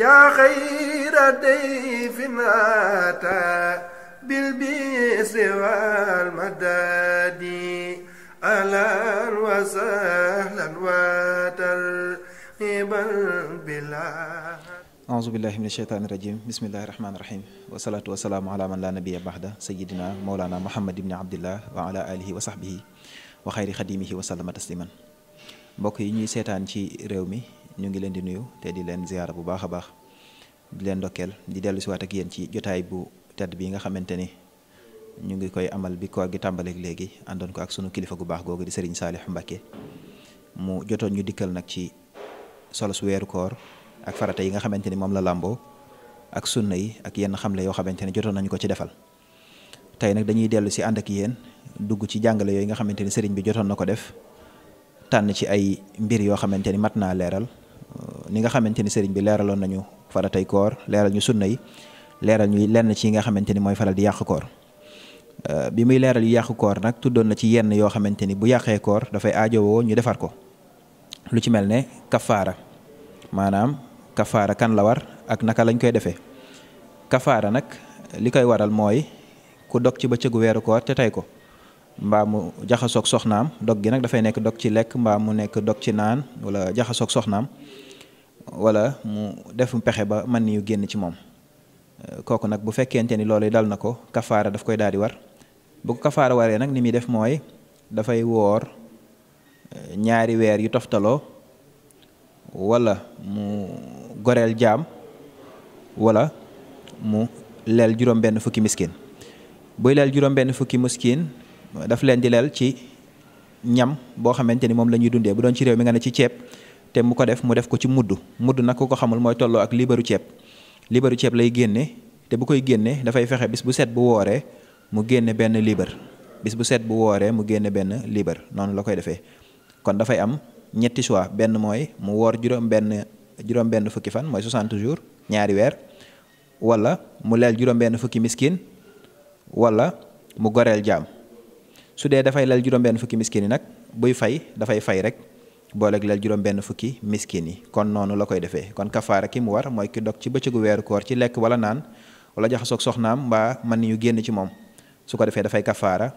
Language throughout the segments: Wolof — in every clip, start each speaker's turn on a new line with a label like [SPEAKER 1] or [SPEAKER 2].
[SPEAKER 1] yaa xayra dayfin ataa bil bisri wal madadi ahlan wa sahlan wa tarhiban bilaa
[SPEAKER 2] auzu billahi min asheytaani rajim bismillahi rahmaani rahim wasalaatu wasalaamu ala man laa nabiya baxda sayidina mawlana muhammad ibni abdillah wa ala alihi wa sahbihi wa xayri xadimihi wa sallama tasliman mbokk yi ñuy seetaan ci réew mi ñu ngi leen di nuyu te di leen ziyaara bu baax a baax di leen ndokkeel di dellu si waat ak yéen ci jotaay bu tedd bi nga xamante ni ñu ngi koy amal bi koor gi tàmbaleeg léegi àndoon ko ak sunu kilifa gu baax googu di Serigne Salih Mbacké mu jotoon ñu dikkal nag ci solo su weeru koor ak farata yi nga xamante ni moom la làmboo ak sunna yi ak yenn xamle yoo xamante ni jotoon nañu ko ci defal tey nag dañuy dellu si ànd ak yéen dugg ci jàngale yooyu nga xamante ni sëriñ bi jotoon na ko def tànn ci ay mbir yoo xamante ni mat naa leeral ni nga xamante ni sëriñ bi leeraloon nañu faratay koor leeral ñu sunna yi leeral ñu lenn ci nga xamante ni mooy faral di yàq koor euh, bi muy leeral yu yàq koor nag tuddoon na ci yenn yoo xamante ni bu yàqee koor dafay aajowoo ñu defar ko lu ci mel ne kafaara maanaam kafaara kan la war ak naka lañ koy defee kafaara nag li koy waral mooy ku dog ci bëccëgu weeru koor te tey ko mbaam mu jaxasoog soxnaam dog gi nag dafay nekk dog ci lekk mbaam mu nekk dog ci naan wala jaxasoog soxnaam wala mu def pexe ba man yu génn ci moom euh, kooku nag bu fekkente ni loolu dal na ko kafaara daf koy daal di war bu ko kafaara waree nag ni muy def mooy dafay woor euh, ñaari weer yu toftaloo wala mu goreel jaam walla mu leel juróom-benn fukki miskin buy leel juróom-benn fukki miskin daf leen di leel ci ñam boo xamante ni moom la ñuy dundee bu doon ci réew mi nga ne ci ceeb. te mu ko def mu def ko ci mudd mudd nag ku ko xamul mooy tolloo ak liibaru ceeb liibaru ceeb lay génne te bu koy génne dafay fexe bis bu set bu wooree mu génne benn libar bis bu set bu wooree mu génne benn liibar noonu la koy defee kon dafay am ñetti choix benn mooy mu woor juróom benn fukki fan mooy 60 jour ñaari weer wala mu leel juróom benn fukki miskin wala mu goreel jaam su dee dafay leel juróom benn fukki miskin yi nag buy fay dafay fay rek booleeg leel juróom benn fukki miskin yi kon noonu la koy defee kon kafaara ki mu war mooy ki dog ci bëccëgu weeru koor ci lekk wala naan wala jaxasoog soxnaam mbaa mën ñu génn ci moom su ko defee dafay kafaara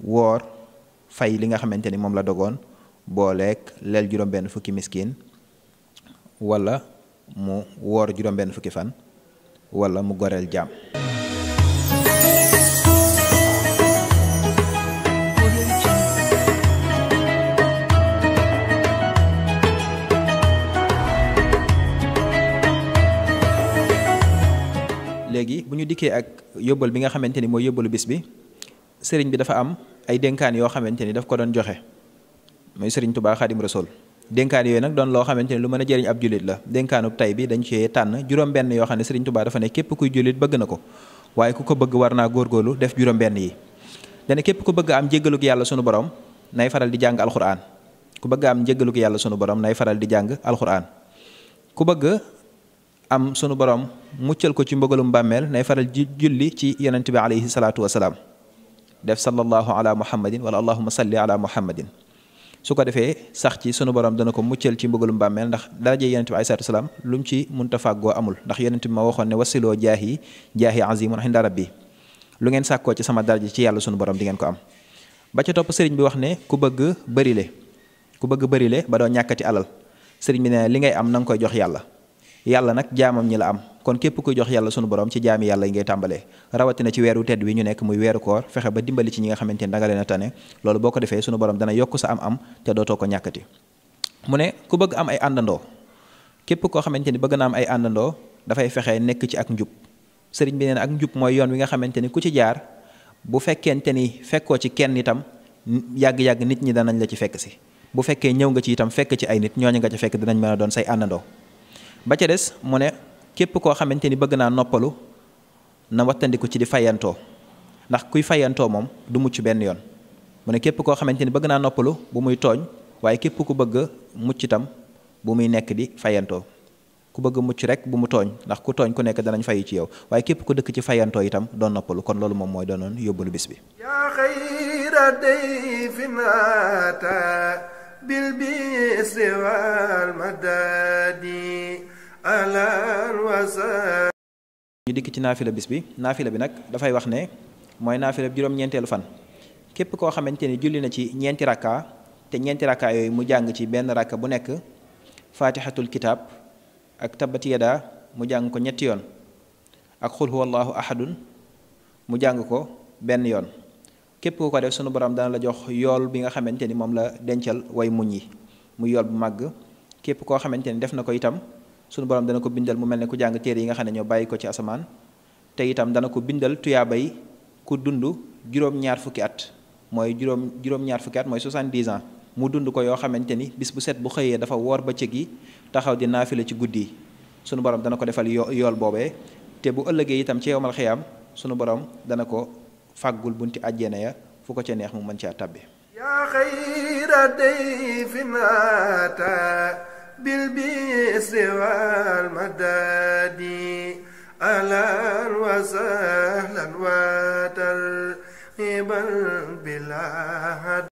[SPEAKER 2] woor fay li nga xamante ni moom la dogoon booleek leel juróom benn fukki miskin wala mu woor juróom benn fukki fan wala mu goreel jaam ñu dikkee ak yóbbal bi nga xamante ni mooy yóbbalu bis bi sëriñ bi dafa am ay dénkaan yoo xamante ni daf ko doon joxe mooy sëriñ Tuubaa Xaadim Rasuul dénkaan yooyu nag doon loo xamante ni lu mën a jëriñ ab jullit la dénkaanub tay bi dañ cee tànn juróom-benn yoo xam ne sëriñ Tuubaa dafa ne képp kuy jullit bëgg na ko waaye ku ko bëgg war naa góorgóorlu def juróom-benn yi dana képp ku bëgg am jéggaluk yàlla sunu borom nay faral di jàng alxuraan ku bëgg am jéggaluk yàlla sunu borom nay faral di jàng alxuraan ku bëgg am sunu borom muccal ko ci mbugalum bàmmeel nay faral ji julli ci yonent bi alayhi salaatu wasalaam def sallallahu ala muhammadin wala allahuma salli ala muhammadin su ko defee sax ci sunu borom dana ko muccal ci mbugalum bàmmeel ndax daraje yonent bi alayhi salaatu wasalaam lu mu ci munta fàggoo amul ndax yonent bi ma waxoon ne wasiloo jaahi jaahi azimun inda bi lu ngeen sàkkoo ci sama daraje ci yàlla sunu borom di ngeen ko am ba ca topp sëriñ bi wax ne ku bëgg bërile ku bëgg bërile ba doo ñàkkati alal sëriñ ne li ngay am na nga koy jox yàlla yàlla nag jaamam ñi la am kon képp ku jox yàlla sunu borom ci jaami yàlla yi ngay tàmbalee rawatina ci weeru tedd wi ñu nekk muy weeru koor fexe ba dimbali ci ñi nga xamante ni danga leen a tane loolu boo ko defee sunu borom dana yokk sa am-am te dootoo ko ñàkkati mu ne ku bëgg am ay àndandoo képp koo xamante ni bëgg na am ay àndandoo dafay fexe nekk ci ak njub sëriñ bi nee na ak njub mooy yoon wi nga xamante ni ku ci jaar bu fekkente ni fekkoo ci kenn itam yàgg-yàgg nit ñi danañ la ci fekk si bu fekkee ñëw nga ci itam fekk ci ay nit ñooñu nga ci fekk dinañ mën doon say àndandoo képp koo xamante ni bëgg naa noppalu na wattandiku ci di fayantoo ndax kuy fayantoo moom du mucc benn yoon mu ne képp koo xamante ni bëgg naa noppalu bu muy tooñ waaye képp ku bëgg mucc itam bu muy nekk di fayantoo ku bëgg mucc rek bu mu tooñ ndax ku tooñ ku nekk danañ fayu ci yow waaye képp ku dëkk ci fayantoo itam doon noppalu kon loolu moom mooy doonoon yóbbalu bis bi ñu dikk ci naafila bis bi naafila bi nag dafay wax ne mooy naafila bi juróom-ñeenteelu fan képp koo xamante ni julli na ci ñeenti rakka te ñeenti rakka yooyu mu jàng ci benn rakka bu nekk faatixatul kitaab ak tabbat mu jàng ko ñetti yoon ak xul ahadun mu jàng ko benn yoon képp ku ko def sunu borom dana la jox yool bi nga xamante ni moom la dencal way muñ yi mu yool bu màgg képp koo xamante ni def na ko itam sunu borom dana ko bindal mu mel ne ku jàng téere yi nga xam ne ñoo bàyyi ko ci asamaan te itam dana ko bindal tuyaabay ku dund juróom-ñaar fukki at mooy juróom juróom-ñaar fukki at mooy 70 ans mu dund ko yoo xamante ni bis bu set bu xëyee dafa woor ba bëccëg yi taxaw di naafila ci guddi yi sunu borom dana ko defal yo yool boobee te bu ëllëgee itam ci yowmal xiyaam sunu borom dana ko fàggul bunti àjjana ya fu ko ca neex mu mën caa tabbi.
[SPEAKER 1] yaa xayra سوى المداد أهلا وسهلا وترحيبا بلا